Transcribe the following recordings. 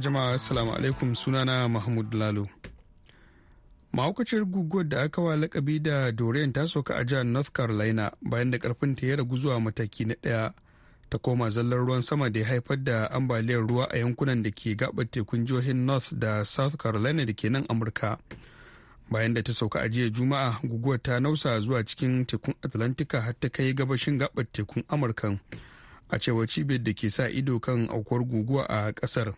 jama'a assalamu alaikum sunana mahmud lalo mahaukaciyar guguwar da aka wa lakabi da dorian ta soka a jihar north carolina bayan da karfin ta ya ragu zuwa mataki na daya ta koma zallar ruwan sama da ya haifar da ambaliyar ruwa a yankunan da ke gabar tekun jihohin north da south carolina da ke nan amurka bayan da ta sauka a jiya juma'a guguwar ta nausa zuwa cikin tekun atlantika har ta kai gabashin gabar tekun amurkan a cewar cibiyar da ke sa ido kan aukuwar guguwa a kasar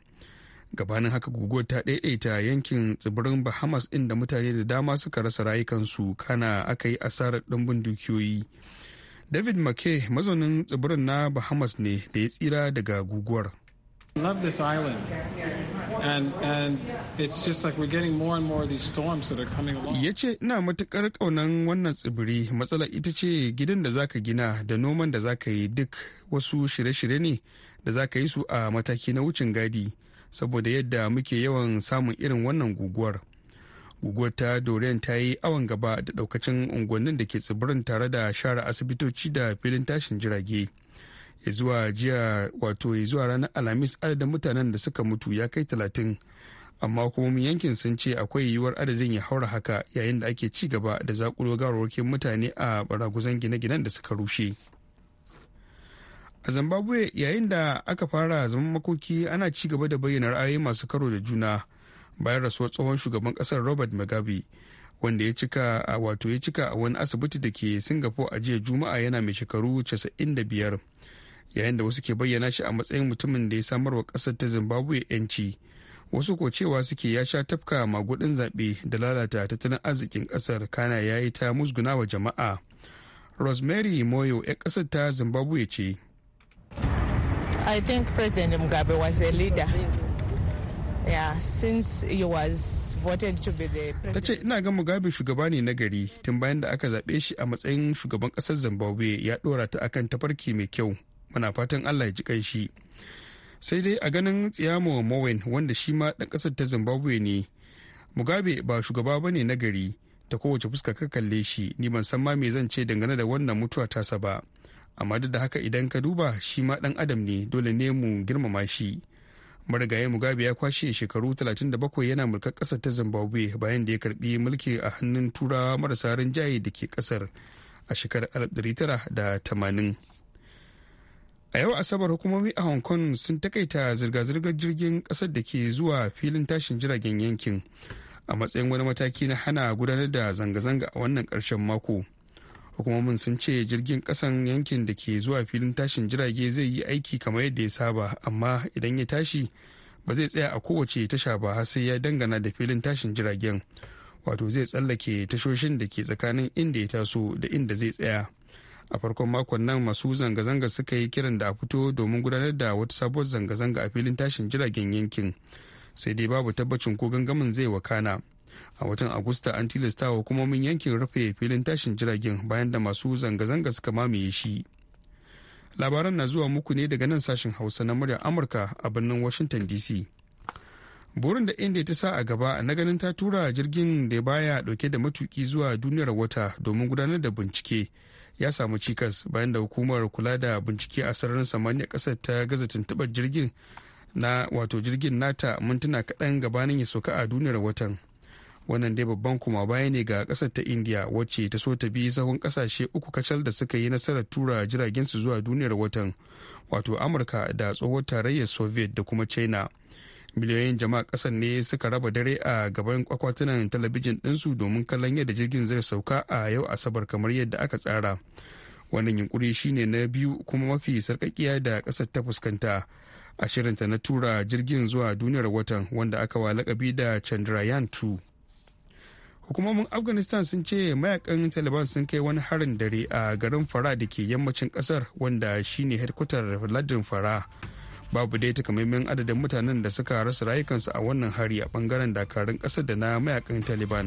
gabanin haka guguwar ta daidaita yankin tsibirin bahamas inda mutane da dama suka rasa rayukansu kana aka yi asarar ɗumbin dukiyoyi david mckay mazaunin tsibirin na bahamas ne da ya tsira daga guguwar Ya ce, ina matukar kaunan wannan tsibiri, matsala ita ce gidan da zaka gina da noman da zaka yi duk wasu shirye-shirye ne da zaka yi su a mataki na wucin gadi. saboda yadda muke yawan samun irin wannan guguwar guguwar ta dorian ta yi awon gaba da daukacin unguwannin da ke tsibirin tare da share asibitoci da filin tashin jirage ya zuwa jiya wato ranar alhamis adadin mutanen da suka mutu ya kai talatin amma hukumomin yankin sun ce akwai yiwuwar adadin ya haura haka yayin da ake ci gaba da zakulo gawarwakin mutane a baraguzan gine-ginen da suka rushe. a zimbabwe yayin da aka fara zaman makoki ana ci gaba da bayyana ra'ayi masu karo da juna bayan rasuwar tsohon shugaban kasar robert mugabe wanda ya cika a wato ya cika a wani asibiti da ke singapore a jiya juma'a yana mai shekaru 95 yayin da wasu ke bayyana shi a matsayin mutumin da ya samar wa kasar ta zimbabwe yanci wasu ko cewa suke ya sha tafka magudin zaɓe da lalata tattalin arzikin kasar kana yayi ta musguna wa jama'a rosemary moyo 'yan kasar ta zimbabwe ce I think President Mugabe was a leader. Yeah, since voted to be ina ga Mugabe shugaba ne na gari tun bayan da aka zaɓe shi a matsayin shugaban ƙasar Zimbabwe ya ɗora ta akan tafarki mai kyau. Muna fatan Allah ya ji shi. Sai dai a ganin Tsiyamo Mowen wanda shi ma ɗan ƙasar ta Zimbabwe ne. Mugabe ba shugaba ba ne na gari ta kowace fuska ka kalle shi ni ban san ma me zan ce dangane da wannan mutuwa tasa ba. amma duk da haka idan ka duba shi ma dan adam ne dole ne mu girmama shi marigayi mugabe ya kwashe shekaru 37 yana mulkar kasar ta zimbabwe bayan da ya karbi mulki a hannun turawa marasa rinjaye da ke kasar a shekarar 1980 a yau asabar hukumomi a hong kong sun takaita zirga-zirgar jirgin kasar da ke zuwa filin tashin jiragen yankin a matsayin wani mataki na hana gudanar da zanga-zanga a wannan karshen mako hukumomin sun ce jirgin kasan yankin da ke zuwa filin tashin jirage zai yi aiki kamar yadda ya saba amma idan ya tashi ba zai tsaya a kowace tasha ba har sai ya dangana da filin tashin jiragen wato zai tsallake tashoshin da ke tsakanin inda ya taso da inda zai tsaya a farkon makon nan masu zanga-zanga suka yi kiran da a fito domin gudanar da wata sabuwar zanga-zanga a filin tashin jiragen yankin sai dai babu tabbacin ko gangamin zai wakana a watan agusta an tilasta wa hukumomin yankin rufe filin tashin jiragen bayan da masu zanga-zanga suka mamaye shi labaran na zuwa muku ne daga nan sashen hausa na murya amurka a birnin washington dc burin da inda ta sa a gaba na ganin ta tura jirgin da baya dauke da matuki zuwa duniyar wata domin gudanar da bincike ya samu cikas bayan da hukumar kula da bincike a sararin samaniya kasar ta gaza tuntuɓar jirgin na wato jirgin nata mintuna kaɗan gabanin ya soka a duniyar watan wannan dai babban kuma baya ne ga kasar ta india wacce ta so ta bi sahun kasashe uku kacal da suka yi nasarar tura jiragensu zuwa duniyar watan wato amurka da tsohon tarayyar soviet da kuma china miliyoyin jama'a kasar ne suka raba dare a gaban kwakwatunan talabijin ɗinsu domin kallon yadda jirgin zai sauka a yau asabar kamar yadda aka tsara wannan yunkuri shine na biyu kuma mafi sarkakiya da kasar ta fuskanta a shirinta na tura jirgin zuwa duniyar watan wanda aka wa lakabi da chandrayaan 2 hukumomin afghanistan sun ce mayakan taliban sun kai wani harin dare a garin fara da ke yammacin kasar wanda shine hedkwatar ladin fara babu dai takamaiman adadin mutanen da suka rasa rayukansu a wannan hari a bangaren dakarun kasar da na mayakan taliban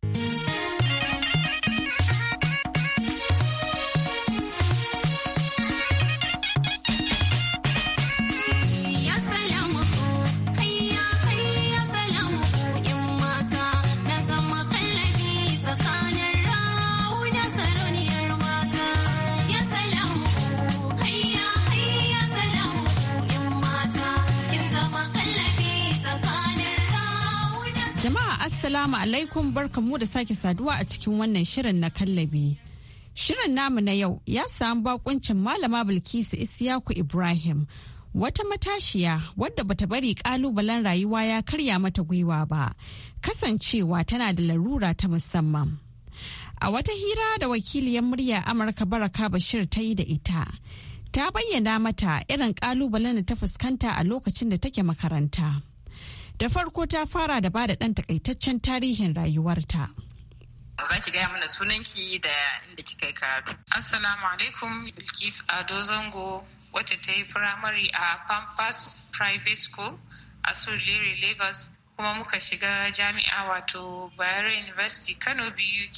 Assalamu alaikum barkamu da sake saduwa a cikin wannan shirin na kallabi. Shirin namu na yau ya samu bakuncin Malama Bilkisu Isiyaku Ibrahim, wata matashiya wadda bata bari kalubalen rayuwa ya karya mata gwiwa ba, kasancewa tana da larura ta musamman. A wata hira da wakiliyar murya Amurka Baraka Bashir ta yi da ita, ta bayyana mata irin kalubalen da ta fuskanta a lokacin da take makaranta. Da farko ta fara da ba da ɗan takaitaccen tarihin rayuwarta. za ki gaya mana sunanki da inda kika yi karatu. Assalamu alaikum Bilkis Ado Zango wacce ta yi firamare a Pampas Private School a Surulere Lagos kuma muka shiga jami'a wato Bayero University Kano BUK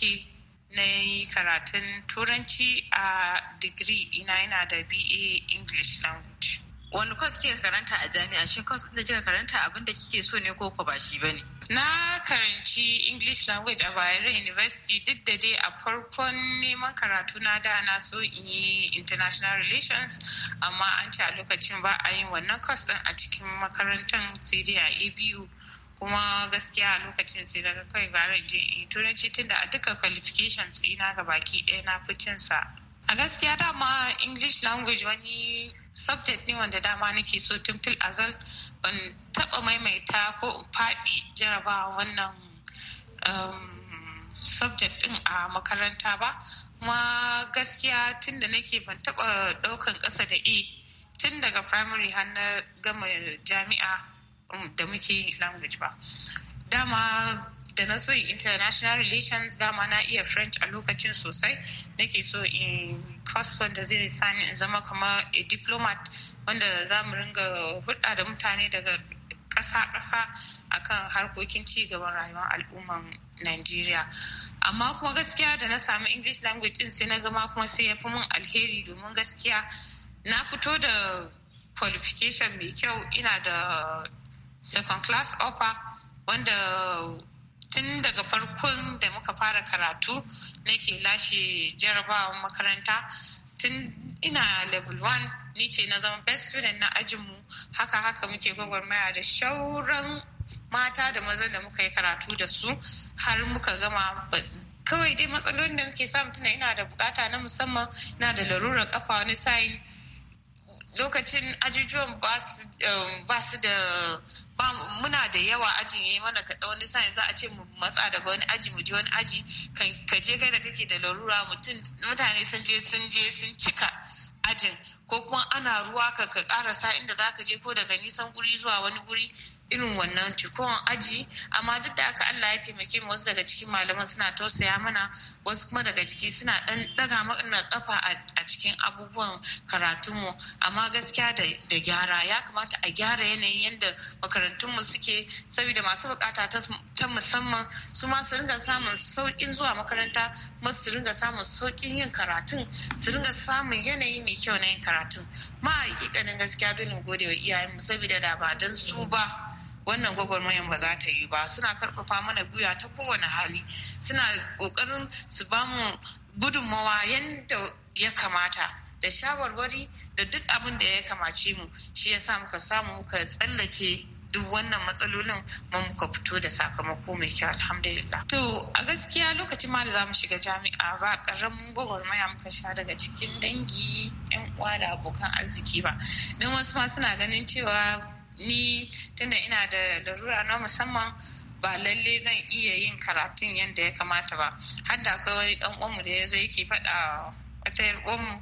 na yi karatun turanci a digiri ina yana da BA English language. wani kwas kika karanta a jami'a shi kwas da kika karanta abin da kike so ne ko ko ba shi bane na karanci english language a bayero university duk da dai a farkon neman karatu na da na so in yi international relations amma an ce a lokacin ba a yin wannan kwas din a cikin makarantar sai a abu kuma gaskiya a lokacin sai daga kai gara je in turanci tunda a duka qualifications ina ga baki ɗaya na fi sa A gaskiya dama English language wani subject ne wanda dama nake so tun fil azal ban taba maimaita ko in faɗi jarabawa wannan um, subject din a makaranta ba kuma gaskiya tun da nake ban taba ɗaukan ƙasa da e tun daga primary har na gama jami'a um, da muke language ba dama da na so international relations dama na iya french a lokacin sosai nake so in course wanda zai sani in zama kama a diplomat wanda za mu ringa hulɗa da mutane daga kasa ƙasa akan harkokin ci gaban rayuwar al'umman nigeria Amma kuma gaskiya da na samu English language din sai na gama kuma sai ya fi mun alheri domin gaskiya na fito da qualification mai kyau ina da second class offer wanda tun daga farkon da muka fara karatu nake lashe jarabawar makaranta tun ina level 1 ni ce na zama best student na ajinmu haka haka muke gwagwarmaya da shauran mata da mazan da muka yi karatu da su har muka gama kawai dai matsalolin da muke samu tuna ina da bukata na musamman ina da larurar kafa wani sa'in lokacin ajujuwan um, ba su da muna da yawa ajin yayi mana kaɗa wani sa'in za a ce mu matsa daga wani aji mu je wani aji ka je kai kake da larura mutum mutane sun je sun je sun cika ajin ko kuma ana ruwa ka ka karasa inda za ka je ko daga nisan guri zuwa wani guri irin wannan cikon aji amma duk da aka Allah ya taimake mu wasu daga cikin malaman suna tausaya mana wasu kuma daga ciki suna dan daga mana kafa a cikin abubuwan karatunmu amma gaskiya da gyara ya kamata a gyara yanayin yadda makarantunmu suke saboda masu bukata ta musamman su ma su ringa samun saukin zuwa makaranta kuma su ringa samun saukin yin karatun su ringa samun yanayi mai kyau na yin karatun ma gaskiya dole mu gode wa iyayen mu saboda da ba don su ba wannan gwagwarmayan ba za ta yi ba suna karfafa mana guya ta kowane hali suna kokarin su ba mu gudunmawa yadda ya kamata da shawarwari da duk abin da ya kamace mu shi ya sa muka samu muka tsallake duk wannan matsalolin mu muka fito da sakamako mai kyau alhamdulillah to a gaskiya lokacin ma da za mu shiga jami'a ba karamin gwagwarmaya muka sha daga cikin dangi yan uwa da abokan arziki ba don wasu ma suna ganin cewa ni tunda ina da larura na musamman ba lalle zan iya yin karatun yadda ya kamata ba har da akwai wani dan uwanmu da ya zo yake fada wata uwanmu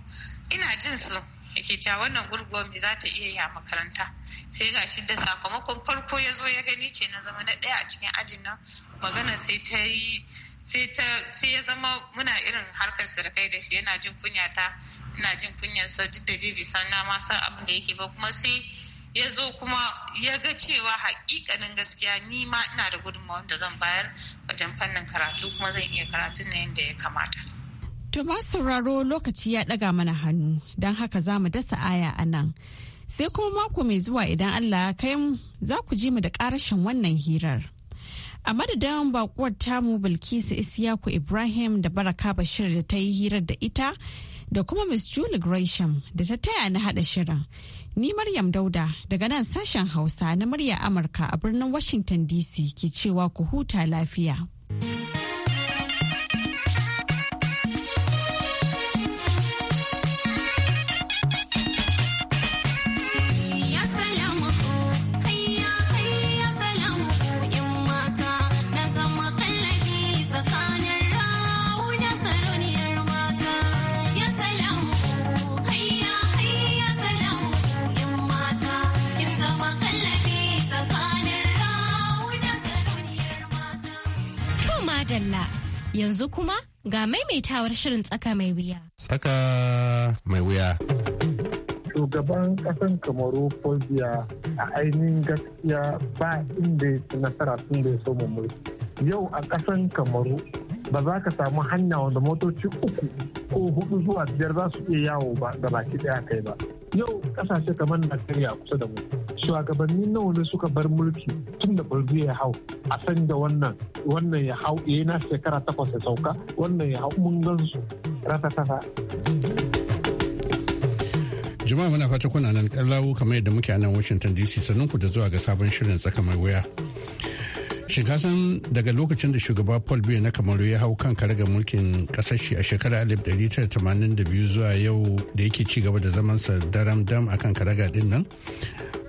ina jin su yake cewa wannan gurguwar me za ta iya yi a makaranta sai ga shi da sakamakon farko ya zo ya gani ce na zama na ɗaya a cikin ajin nan magana sai ta yi sai ya zama muna irin harkar sarkai da shi yana jin kunya ta ina jin kunyarsa duk da jibi san na san abin da yake ba kuma sai ya zo kuma ya ga cewa hakikanin gaskiya ni ma ina da gudunmawa wanda zan bayar wajen fannin karatu kuma zan iya karatu na yadda ya kamata. To ma sauraro lokaci ya ɗaga mana hannu don haka za mu dasa aya a nan. Sai kuma mako mai zuwa idan Allah ya kai mu za ku ji mu da ƙarashin wannan hirar. A madadin bakuwar tamu Bilkisu Isiyaku Ibrahim da Baraka Bashir da ta yi hirar da ita da kuma Miss Julie Gresham da ta taya na haɗa shirin. Ni Maryam Dauda daga nan sashen Hausa na murya Amurka a birnin Washington DC ke cewa ku huta lafiya. yanzu kuma ga maimaitawar shirin tsaka mai wuya. Tsaka mai wuya. Shugaban ƙasan Kamaru Fobia a ainihin gaskiya ba inda ya nasara tun da ya so mulki. Yau a ƙasan Kamaru ba za ka samu hanya wanda motoci uku ko hudu zuwa biyar za su iya yawo ba ga baki ɗaya kai ba. Yau ƙasashe kamar Najeriya kusa da mu. shugabanni nawa ne suka bar mulki tun da bulbu ya hau a san da wannan wannan ya hau ya na shekara takwas ya sauka wannan ya hau mun gan su ratatata jama'a muna fata kuna nan kallawo kamar yadda muke a nan washington dc sannan ku da zuwa ga sabon shirin tsaka mai wuya shin ka san daga lokacin da shugaba paul biya na kamaru ya hau kan karagar mulkin kasar shi a shekarar 1982 zuwa yau da yake ci gaba da zamansa daram dam akan karaga din nan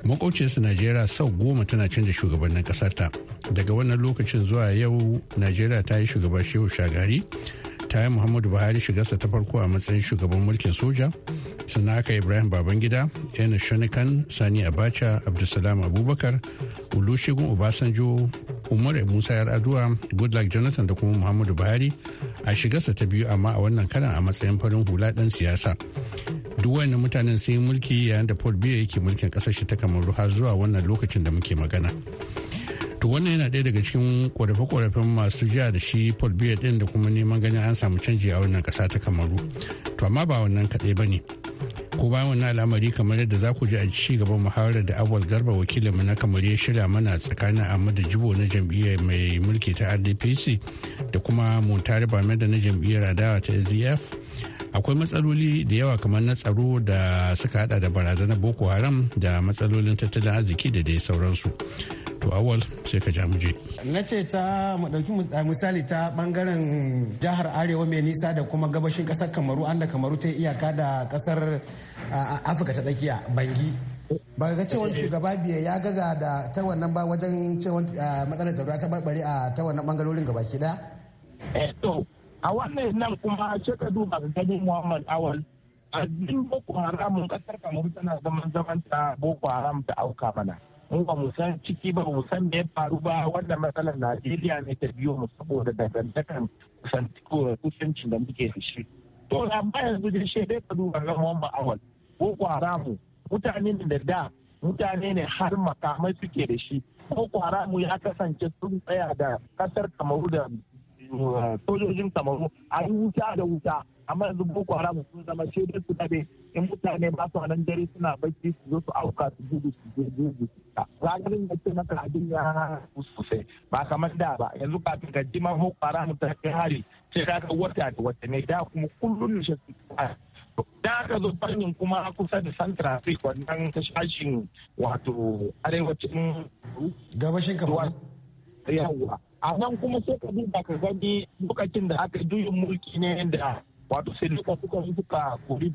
makwabcinsu najeriya sau goma tana canza shugabannin ƙasarta daga wannan lokacin zuwa yau najeriya ta yi shugaba shehu shagari ta yi muhammadu buhari shigarsa ta farko a matsayin shugaban mulkin soja sannan aka ibrahim babangida yana shanikan sani abacha abdulsalam abubakar olusegun obasanjo umar musa aduwa goodluck jonathan da kuma muhammadu buhari a shigarsa ta biyu amma a wannan karan a matsayin farin hula ɗan siyasa duk wannan mutanen sun yi mulki yayin da paul biya yake mulkin kasar shi ta kamaru har zuwa wannan lokacin da muke magana to wannan yana ɗaya daga cikin ƙorafe-ƙorafen masu jiya da shi paul biya ɗin da kuma neman ganin an samu canji a wannan ƙasa ta kamaru to amma ba wannan kaɗai ba ne ko bayan wannan al'amari kamar yadda za ku ji a ci gaban muhawarar da awal garba wakilinmu na kamar ya shirya mana tsakanin ahmadu jibo na jam'iyyar mai mulki ta rdpc da kuma muntari bamenda na jam'iyyar adawa ta sdf akwai matsaloli da yawa kamar na tsaro da suka hada da barazanar boko haram da matsalolin tattalin arziki da dai sauransu to awal sai ka ja muje na ce ta mu dauki misali ta bangaren jihar arewa mai nisa da kuma gabashin kasar kamaru anda kamaru ta iyaka da kasar afirka ta tsakiya bangi ba ga cewa shugaba biya ya gaza da ta wannan ba wajen cewa matsalar tsaro ta barbare a ta wannan bangarorin gabaki daya eh, a wannan nan kuma ce ka duba ga gani muhammad awal addin boko haram kasar kamar tana zaman zaman ta boko haram ta auka mana mu ba mu san ciki ba mu san me ya faru ba wannan matsalar najeriya ne ta biyo mu saboda dangantakan kusanci da muke da shi to na bayan da shi dai ka duba ga muhammad awal boko haram mutane ne da da mutane ne har makamai suke da shi boko haram ya kasance sun tsaya da kasar kamaru da sojojin samaru a yi wuta da wuta amma yanzu boko haram sun zama shaidar su dabe in mutane ba su nan dare suna bacci su zo su auka su gudu su je gudu ragarin da ke maka abin ya sosai ba kamar da ba yanzu kafin ka ji man boko haram ta kai hari sai ka ga wata da wata ne da kuma kullum shi da aka zo fannin kuma kusa da san traffic wannan tashashin wato arewacin gabashin kamar yawwa a nan kuma sai ka duba ka gani lokacin da aka juyin mulki ne da wato sai duka suka suka kori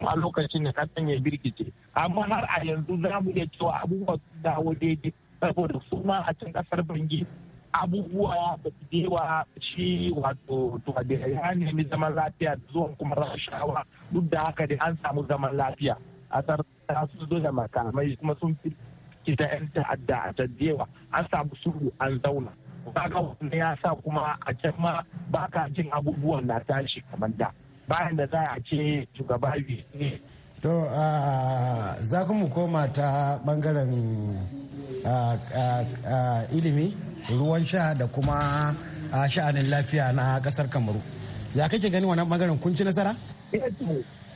a lokacin da ka ya birkice amma har a yanzu za mu iya cewa abubuwa sun dawo daidai saboda suma a can kasar bangi abubuwa ba su yawa shi wato da ya nemi zaman lafiya da zuwan kuma rashawa duk da haka dai an samu zaman lafiya a tsarta su zo da makamai kuma sun fi kita 'yan ta'adda a taddewa an samu suru an zauna kaga wanda ya sa kuma a can ma ba ka jin abubuwan na tashi kamar da bayan da za a ce shugaba ne to za ku mu koma ta bangaren ilimi ruwan sha da kuma sha'anin lafiya na kasar kamaru ya kake gani wannan bangaren kun ci nasara? Eh,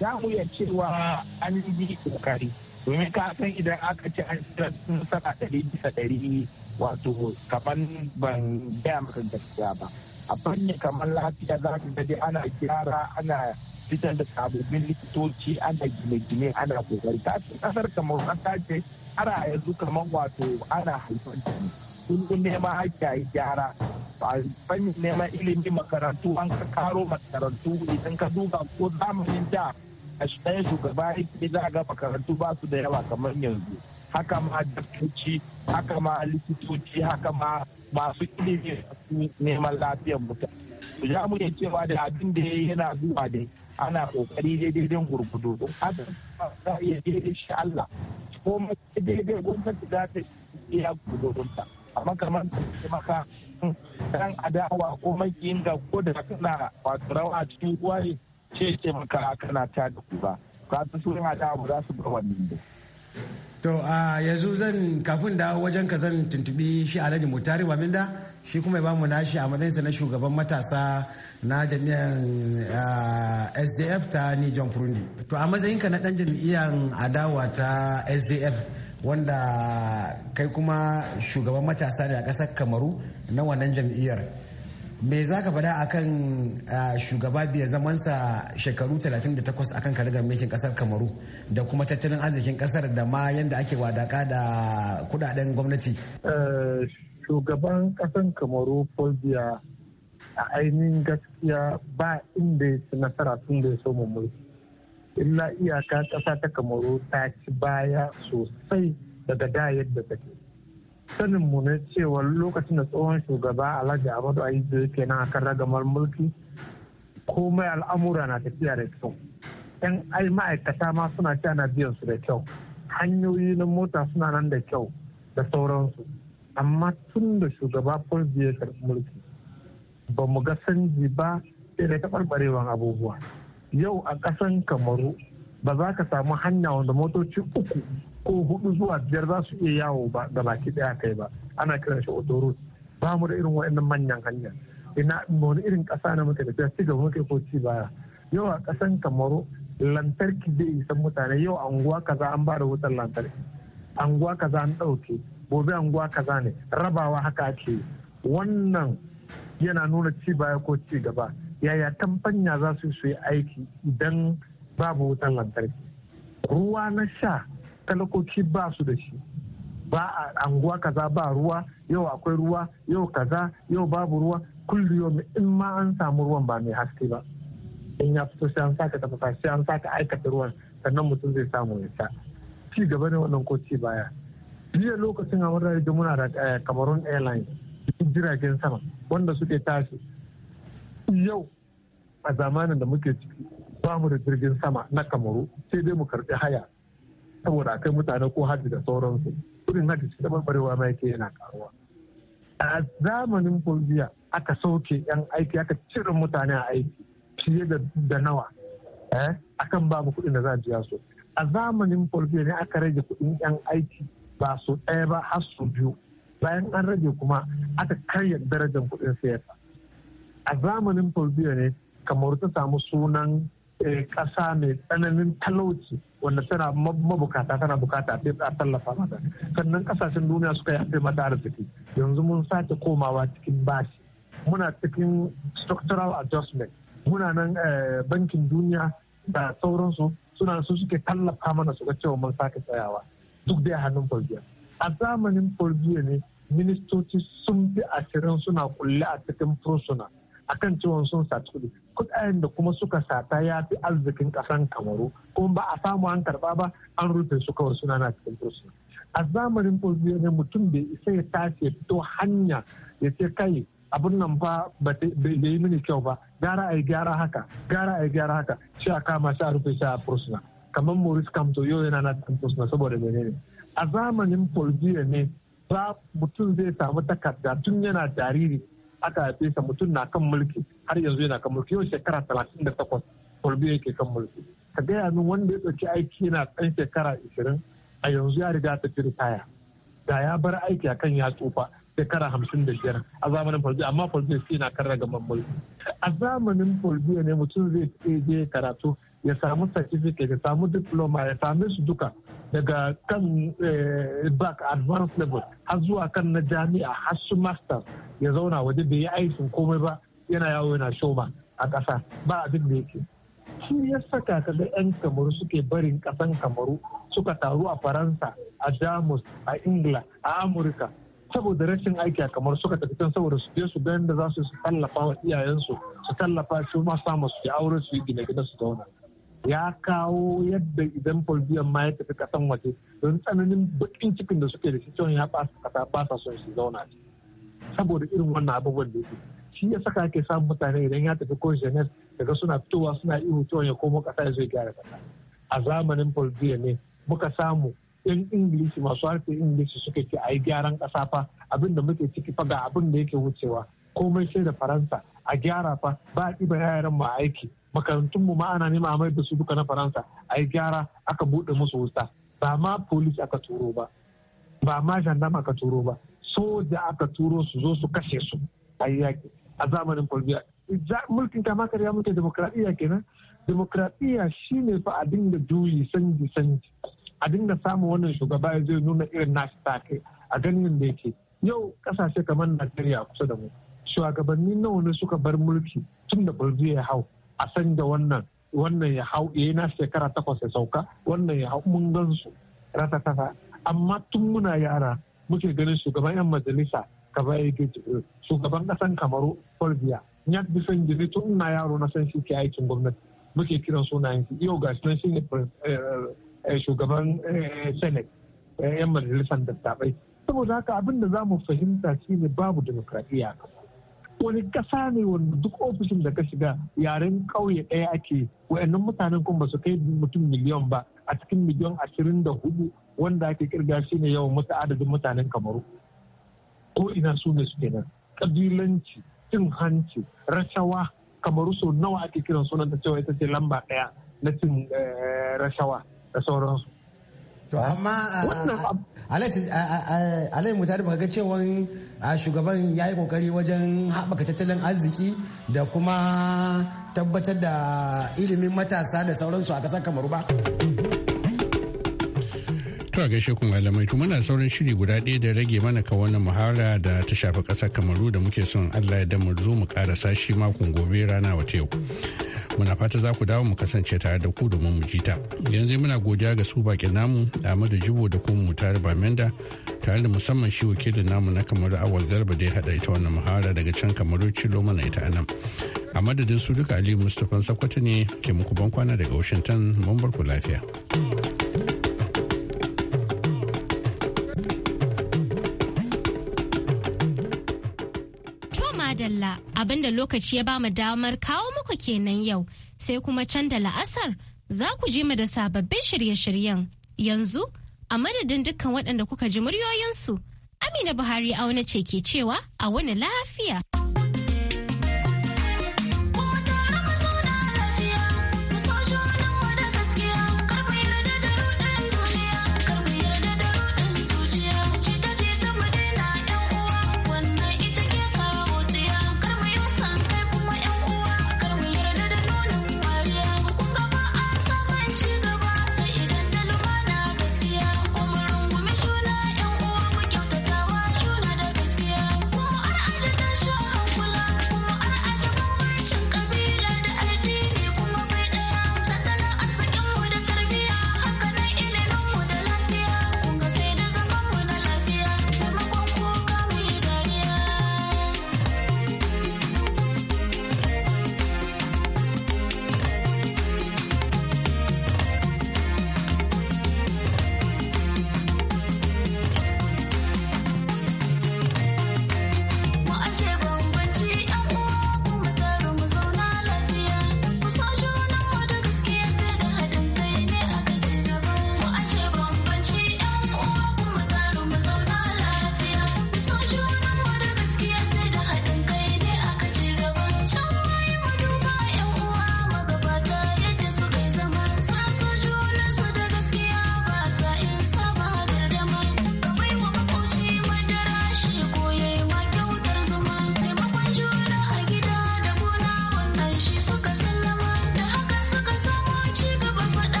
za mu iya cewa an yi kokari domin ka san idan aka ci an ci nasara ɗari bisa ɗari wato kaman ban gaya maka gaskiya ba a fanni kamar lafiya za ka gaji ana gyara ana fitar da sababbin likitoci ana gine-gine ana kokari ta ce kasar kamar kasa ce ana yanzu kamar wato ana haifar da ne kullum nema ake yi gyara a fannin neman ilimin makarantu an ka karo makarantu idan ka duba ko zamanin da a ɗaya shugaba yake za ga makarantu ba su da yawa kamar yanzu haka ma daktoci haka ma likitoci haka ma masu ilimi neman lafiyar mutum ku za mu iya cewa da abin da ya yana zuwa dai ana kokari daidai don gurgudu don haka za a iya daidai shi Allah ko daidai gwamnati za ta iya ta amma kamar ce maka kan adawa ko makiyin ga ko da kana wato rawa cikin ruwa ne ce ce maka kana ta da ku ba ka su yin adawa ba za su ga wannan to a yanzu zan kafin da wajen ka zan tuntubi shi alhaji mutari baminda shi kuma ya bamu nashi a matsayinsa na shugaban matasa na jami'an sdf ta ni john furundi to a matsayin ka na dan jami'an adawa ta sdf wanda kai kuma shugaban matasa ne a ƙasar kamaru na wannan jam'iyyar me za ka faɗa akan shugaba biya zamansa shekaru 38 akan kan mekin kasar kamaru da kuma tattalin arzikin ƙasar da ma yadda ake wadaka da kudaden gwamnati eh, shugaban ƙasar kamaru biya a ainihin gaskiya ba inda ya ci nasara tun da ya so mulki illa iyaka ƙasa ta kamaru ta ci baya sosai daga da yadda take sanin mu ne cewa lokacin da tsohon shugaba alhaji ahmadu ayizu yake nan akan ragamar mulki komai al'amura na tafiya da kyau yan ai ma'aikata ma suna ci ana biyan su da kyau hanyoyi na mota suna nan da kyau da sauransu amma tun da shugaba fulbi ya karɓi mulki ba mu ga sanji ba sai da taɓarɓarewan abubuwa yau a ƙasan kamaru ba za ka samu hanya wanda motoci uku ko hudu zuwa biyar za su iya yawo ba da baki daya kai ba ana kiran shi Otoros. ba mu da irin wa'annan manyan hanya ina wani irin kasa na muke tafiya ci gaba muke ko ci baya yau a kasan kamaru lantarki zai isan mutane yau anguwa kaza an ba wutar lantarki anguwa kaza an ɗauke gobe anguwa kaza ne rabawa haka ake yi. wannan yana nuna ci baya ko ci gaba yaya kamfanya za su yi aiki idan babu wutan lantarki ruwa na sha talakoki ba su da shi ba a anguwa kaza ba ruwa yau akwai ruwa yau kaza yau babu ruwa kullu yau in ma an samu ruwan ba mai haske ba in ya fito sai an saka tafasa sai an saka aikata ruwan sannan mutum zai samu ya sha ci gaba ne wannan ko ci baya jiya lokacin a wurin da muna da eh, cameroon airlines jiragen sama wanda suke tashi yau a zamanin da muke ciki ba da jirgin sama na kamaru sai dai mu karbi haya saboda akai mutane ko hajji da sauransu irin hajji da barbarewa ma yake yana karuwa a zamanin bolivia aka sauke yan aiki aka cire mutane a aiki fiye da nawa eh, akan babu kuɗin da za a biya su a zamanin bolivia ne aka rage kuɗin yan aiki ba su ɗaya ba har su biyu bayan an rage kuma aka karya darajar kuɗin siyasa a zamanin bolivia ne kamar ta samu sunan ƙasa eh, mai tsananin talauci wanda tana mabukata tana bukata a tallafa mata sannan kasashen duniya suka haɗe mata arziki yanzu mun sake komawa cikin bashi muna cikin structural adjustment muna nan eh, bankin duniya da sauransu suna su suke tallafa mana su ga cewa mun sake tsayawa duk da hannun folbiya a zamanin folbiya ne ministoci sun fi ashirin suna kulle a cikin fursuna akan cewa sun saci kuɗi kuɗayen da kuma suka sata ya fi arzikin ƙasan kamaru kuma ba a samu an karɓa ba an rufe su kawai suna na cikin fursuna a zamanin ne mutum bai isa ya tashi ya fito hanya ya ce kai abun nan ba bai yi mini kyau ba gara a yi gyara haka gara a yi gyara haka shi a kama shi a rufe shi a fursuna kamar maurice kamto yau yana na cikin fursuna saboda menene a zamanin fulbiyar ne ba mutum zai samu takarda tun yana jariri aka haife sa mutum na kan mulki har yanzu yana kan mulki yau shekara talatin da takwas kwalbi yake kan mulki ka gaya min wanda ya ɗauki aiki yana ɗan shekara ishirin a yanzu ya riga ta ritaya da ya bar aiki akan ya tsufa shekara hamsin da biyar a zamanin falbiya amma falbiya shi na kan ragaman mulki a zamanin falbiya ne mutum zai je karatu ya samu certificate ya samu diploma ya same su duka daga kan eh, back advanced level har zuwa kan na jami'a har su master ya zauna waje bai yi aikin komai ba yana yawo yana shoma a ƙasa ba abin da yake shi ya saka ga 'yan kamaru suke barin ƙasan kamaru suka taru a faransa a jamus a ingila a amurka saboda rashin aiki a kamar suka tafi can saboda su je su ga da za su tallafa wa iyayensu su tallafa su ma samu su aure su yi gine-gine su zauna ya kawo yadda idan folbiyan ma ya tafi kasan waje don tsananin bakin cikin da suke da shi cewa ya basa kasa basa son shi zauna saboda irin wannan abubuwan da yake shi ya saka ake samun mutane idan ya tafi ko Janet daga suna fitowa suna ihu cewa ya komo kasa ya zo gyara kasa a zamanin folbiyan ne muka samu yan Ingilishi masu harfin Ingilishi suke ke a yi gyaran kasa fa abin muke ciki fa ga abin da yake wucewa komai sai da faransa a gyara fa ba a ɗiba yaran mu aiki makarantun mu ma ana nema a mai da su duka na faransa a yi gyara aka buɗe musu wuta ba ma polis aka turo ba ba ma gendarme aka turo ba soja aka turo su zo su kashe su a yi yaƙi a zamanin polbiya Mulkin kama karya muke demokradiyya kenan. Demokradiyya shi ne fa a dinga juyi sanji sanji. A dinga samun wannan shugaba ya zai nuna irin nashi take a ganin da yake. Yau ƙasashe kamar Najeriya kusa da mu. shugabanni nawa ne suka bar mulki tun da barzu ya hau a san da wannan wannan ya hau ya eh, na shekara takwas ya sauka wannan ya hau mun gan su ratatata amma tun muna yara muke ganin shugaban yan majalisa kamar eh, shugaban kasan kamaru folbiya ya fi san jiri tun na yaro na san shi ke aikin gwamnati muke kiran sunayen shi yau gashi nan shi ne eh, shugaban senate yan majalisan dattabai saboda haka abin da za mu fahimta ne babu demokradiyya wani ƙasa ne wani duk ofishin da ka shiga yaren ƙauye ɗaya ake wayannan mutanen kuma ba su kai mutum miliyan ba a cikin miliyan ashirin da hudu wanda ake kirga shi ne yawan mutu adadin mutanen kamaru ko ina su ne su kenan ƙabilanci cin hanci rashawa kamaru sau nawa ake kiran sunan ta cewa ita ce lamba ɗaya na cin eh, rashawa da sauransu. alayin mutane ga cewa shugaban ya yi kokari wajen haɓaka tattalin arziki da kuma tabbatar da ilimin matasa da sauransu a ƙasar kamaru ba. To a gaishe ku malamai to muna sauran shiri guda ɗaya da rage mana ka wannan muhara da ta shafi ƙasar Kamaru da muke son Allah ya damar zo mu kara sashi makon gobe rana wata yau. muna fata za ku dawo mu kasance tare da ku domin mu ji ta yanzu muna godiya ga su bakin namu Ahmadu Jibo da kuma Mutare Bamenda tare da musamman shi wakilin namu na kamar awal garba da ya hada ita wannan muhara daga can kamaru cilo mana ita anan a madadin su duka aliyu mustapha sakwata ne ke muku ban kwana daga washington mun barku lafiya. Abin abinda lokaci ya ba mu damar kawo muku kenan yau sai kuma can da la'asar za ku je mu da sababbin shirye-shiryen yanzu a madadin dukkan waɗanda kuka ji muryoyinsu amina buhari auna ce ke cewa a wani lafiya